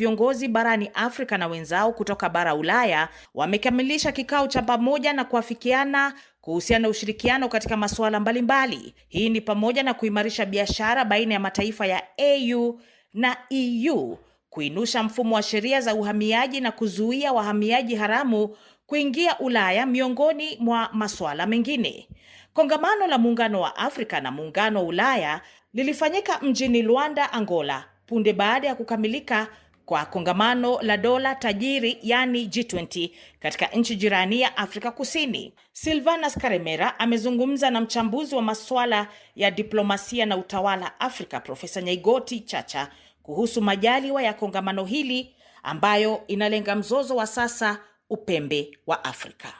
viongozi barani Afrika na wenzao kutoka bara Ulaya wamekamilisha kikao cha pamoja na kuafikiana kuhusiana na ushirikiano katika masuala mbalimbali. Hii ni pamoja na kuimarisha biashara baina ya mataifa ya AU na EU, kuinusha mfumo wa sheria za uhamiaji na kuzuia wahamiaji haramu kuingia Ulaya, miongoni mwa masuala mengine. Kongamano la Muungano wa Afrika na Muungano wa Ulaya lilifanyika mjini Luanda, Angola, punde baada ya kukamilika kwa kongamano la dola tajiri yani G20 katika nchi jirani ya Afrika Kusini. Silvanas Karemera amezungumza na mchambuzi wa masuala ya diplomasia na utawala Afrika Profesa Nyaigoti Chacha kuhusu majaliwa ya kongamano hili ambayo inalenga mzozo wa sasa upembe wa Afrika.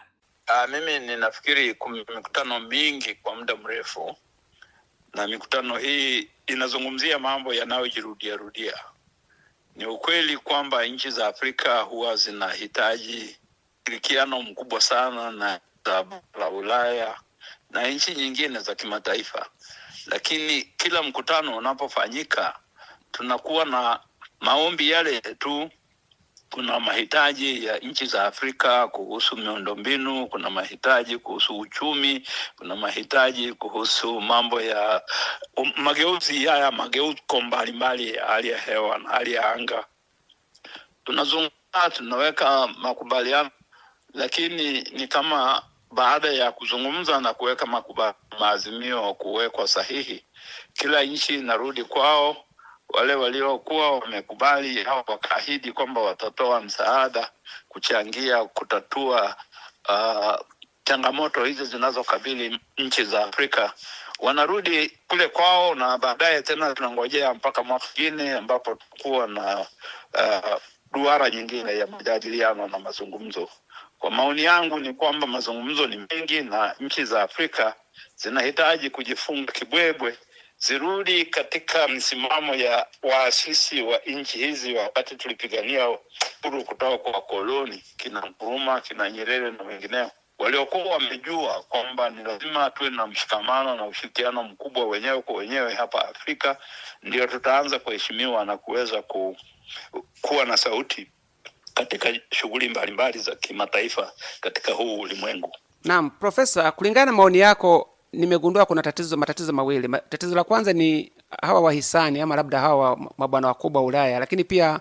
Aa, ah, mimi ninafikiri mikutano mingi kwa muda mrefu na mikutano hii inazungumzia mambo yanayojirudiarudia ni ukweli kwamba nchi za Afrika huwa zinahitaji ushirikiano mkubwa sana na za la Ulaya na nchi nyingine za kimataifa, lakini kila mkutano unapofanyika tunakuwa na maombi yale tu kuna mahitaji ya nchi za Afrika kuhusu miundombinu, kuna mahitaji kuhusu uchumi, kuna mahitaji kuhusu mambo ya um, mageuzi haya mageuko mbalimbali ya hali ya hewa na hali ya anga. Tunazungumza, tunaweka makubaliano, lakini ni kama baada ya kuzungumza na kuweka makubaliano, maazimio kuwekwa sahihi, kila nchi inarudi kwao wale waliokuwa wamekubali au wakaahidi kwamba watatoa msaada kuchangia kutatua uh, changamoto hizi zinazokabili nchi za Afrika wanarudi kule kwao, na baadaye tena tunangojea mpaka mwaka mwingine ambapo tutakuwa na uh, duara nyingine ya majadiliano na mazungumzo. Kwa maoni yangu ni kwamba mazungumzo ni mengi na nchi za Afrika zinahitaji kujifunga kibwebwe zirudi katika msimamo ya waasisi wa, wa nchi hizi wakati tulipigania uhuru kutoka kwa wakoloni, kina Nkrumah, kina Nyerere na wengineo waliokuwa wamejua kwamba ni lazima tuwe na mshikamano na ushirikiano mkubwa wenyewe kwa wenyewe hapa Afrika, ndio tutaanza kuheshimiwa na kuweza ku, kuwa na sauti katika shughuli mbalimbali za kimataifa katika huu ulimwengu. Naam, Profesa, kulingana na maoni yako nimegundua kuna tatizo, matatizo mawili. Tatizo la kwanza ni hawa wahisani ama labda hawa mabwana wakubwa Ulaya, lakini pia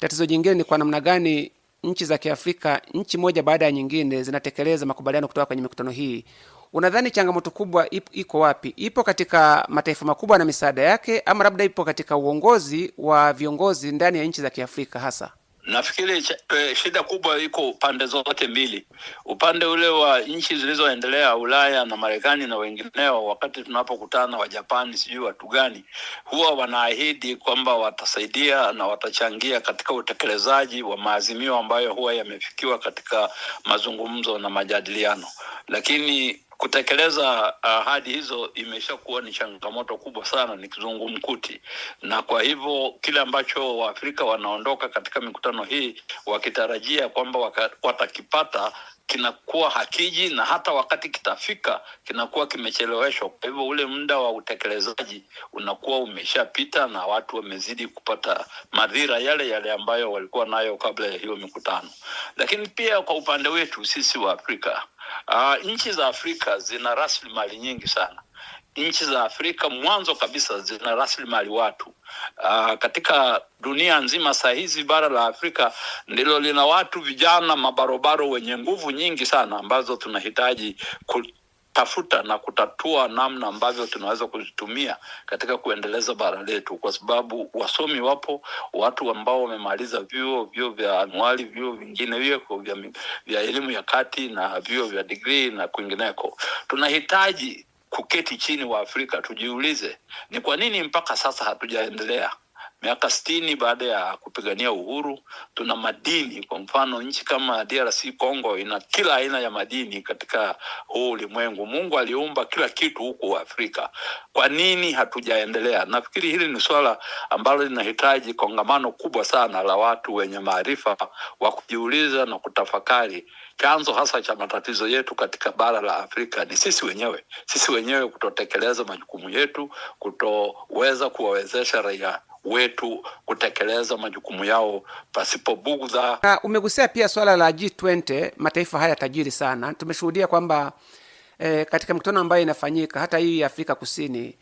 tatizo jingine ni kwa namna gani nchi za Kiafrika, nchi moja baada ya nyingine, zinatekeleza makubaliano kutoka kwenye mikutano hii. Unadhani changamoto kubwa iko wapi? Ipo katika mataifa makubwa na misaada yake, ama labda ipo katika uongozi wa viongozi ndani ya nchi za Kiafrika hasa? Nafikiri eh, shida kubwa iko pande zote mbili, upande ule wa nchi zilizoendelea Ulaya na Marekani na wengineo. Wakati tunapokutana wa japani sijui watu gani, huwa wanaahidi kwamba watasaidia na watachangia katika utekelezaji wa maazimio ambayo huwa yamefikiwa katika mazungumzo na majadiliano, lakini Kutekeleza ah, ahadi hizo imeshakuwa ni changamoto kubwa sana, ni kizungumkuti, na kwa hivyo kile ambacho Waafrika wanaondoka katika mikutano hii wakitarajia kwamba watakipata kinakuwa hakiji na hata wakati kitafika kinakuwa kimecheleweshwa. Kwa hivyo ule muda wa utekelezaji unakuwa umeshapita na watu wamezidi kupata madhira yale yale ambayo walikuwa nayo kabla ya hiyo mikutano. Lakini pia kwa upande wetu sisi wa Afrika, uh, nchi za Afrika zina rasilimali nyingi sana nchi za Afrika mwanzo kabisa zina rasilimali watu. uh, katika dunia nzima saa hizi bara la Afrika ndilo lina watu vijana mabarobaro wenye nguvu nyingi sana ambazo tunahitaji tafuta na kutatua namna ambavyo tunaweza kuzitumia katika kuendeleza bara letu, kwa sababu wasomi wapo, watu ambao wamemaliza vyuo vyuo vya anuali, vyuo vingine vyeko vya, vya elimu ya kati na vyuo vya digrii na kwingineko. Tunahitaji kuketi chini wa Afrika tujiulize ni kwa nini mpaka sasa hatujaendelea. Miaka sitini baada ya kupigania uhuru, tuna madini. Kwa mfano, nchi kama DRC Congo ina kila aina ya madini katika huu ulimwengu. Mungu aliumba kila kitu huku Afrika, kwa nini hatujaendelea? Nafikiri hili ni swala ambalo linahitaji kongamano kubwa sana la watu wenye maarifa wa kujiuliza na kutafakari Chanzo hasa cha matatizo yetu katika bara la Afrika ni sisi wenyewe, sisi wenyewe kutotekeleza majukumu yetu, kutoweza kuwawezesha raia wetu kutekeleza majukumu yao pasipo bugudha. Umegusia pia swala la G20, mataifa haya tajiri sana. Tumeshuhudia kwamba eh, katika mkutano ambayo inafanyika hata hii ya Afrika Kusini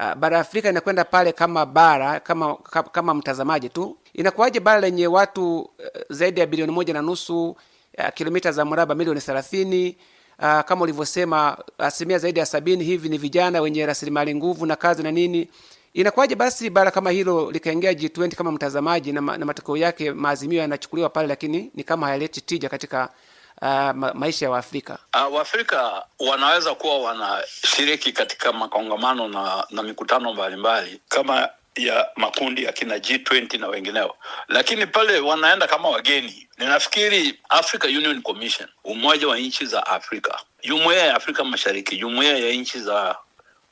Uh, bara Afrika inakwenda pale kama bara kama kama mtazamaji tu. Inakuwaje bara lenye watu uh, zaidi ya bilioni moja na nusu uh, kilomita za mraba milioni 30. Uh, ah, kama ulivyosema asilimia zaidi ya sabini hivi ni vijana wenye rasilimali nguvu na kazi na nini. Inakuwaje basi bara kama hilo likaingia G20 kama mtazamaji, na, ma, na matokeo yake maazimio yanachukuliwa pale, lakini ni kama hayaleti tija katika uh, ma, maisha ya wa Waafrika. Uh, Waafrika wanaweza kuwa wanashiriki katika makongamano na, na mikutano mbalimbali kama ya makundi ya kina G20 na wengineo, lakini pale wanaenda kama wageni. Ninafikiri Africa Union Commission, umoja wa nchi za Afrika, jumuiya ya Afrika Mashariki, jumuiya ya nchi za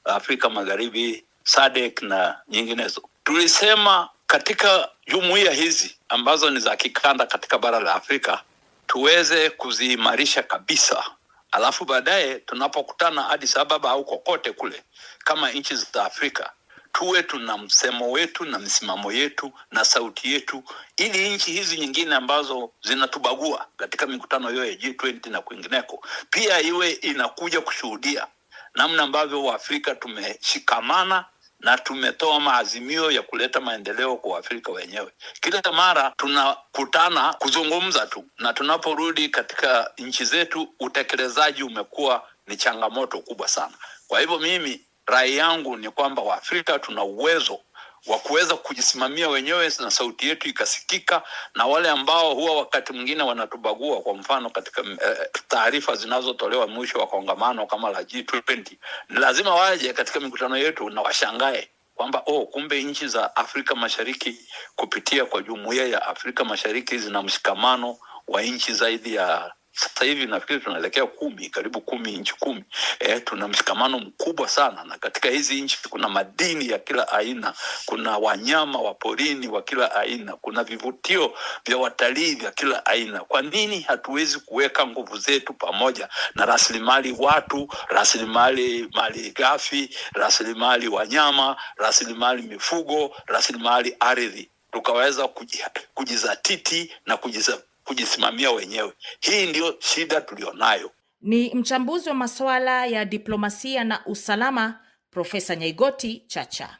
Afrika Magharibi, SADC na nyinginezo, tulisema katika jumuiya hizi ambazo ni za kikanda katika bara la Afrika tuweze kuziimarisha kabisa, alafu baadaye tunapokutana Addis Ababa au kokote kule kama nchi za Afrika tuwe tuna msemo wetu na msimamo yetu na sauti yetu, ili nchi hizi nyingine ambazo zinatubagua katika mikutano hiyo ya G20 na kwingineko pia iwe inakuja kushuhudia namna ambavyo Waafrika tumeshikamana na tumetoa maazimio ya kuleta maendeleo kwa Waafrika wenyewe. Kila mara tunakutana kuzungumza tu, na tunaporudi katika nchi zetu utekelezaji umekuwa ni changamoto kubwa sana. Kwa hivyo mimi Rai yangu ni kwamba Waafrika tuna uwezo wa kuweza kujisimamia wenyewe na sauti yetu ikasikika, na wale ambao huwa wakati mwingine wanatubagua, kwa mfano katika eh, taarifa zinazotolewa mwisho wa kongamano kama la G20, ni lazima waje katika mikutano yetu na washangae kwamba oh, kumbe nchi za Afrika Mashariki kupitia kwa jumuiya ya Afrika Mashariki zina mshikamano wa nchi zaidi ya sasa hivi nafikiri tunaelekea kumi karibu kumi nchi kumi e, tuna mshikamano mkubwa sana na katika hizi nchi kuna madini ya kila aina kuna wanyama wa porini wa kila aina kuna vivutio vya watalii vya kila aina kwa nini hatuwezi kuweka nguvu zetu pamoja na rasilimali watu rasilimali mali ghafi rasilimali wanyama rasilimali mifugo rasilimali ardhi tukaweza kujizatiti na kujiza kujisimamia wenyewe. Hii ndiyo shida tuliyonayo. Ni mchambuzi wa masuala ya diplomasia na usalama Profesa Nyaigoti Chacha.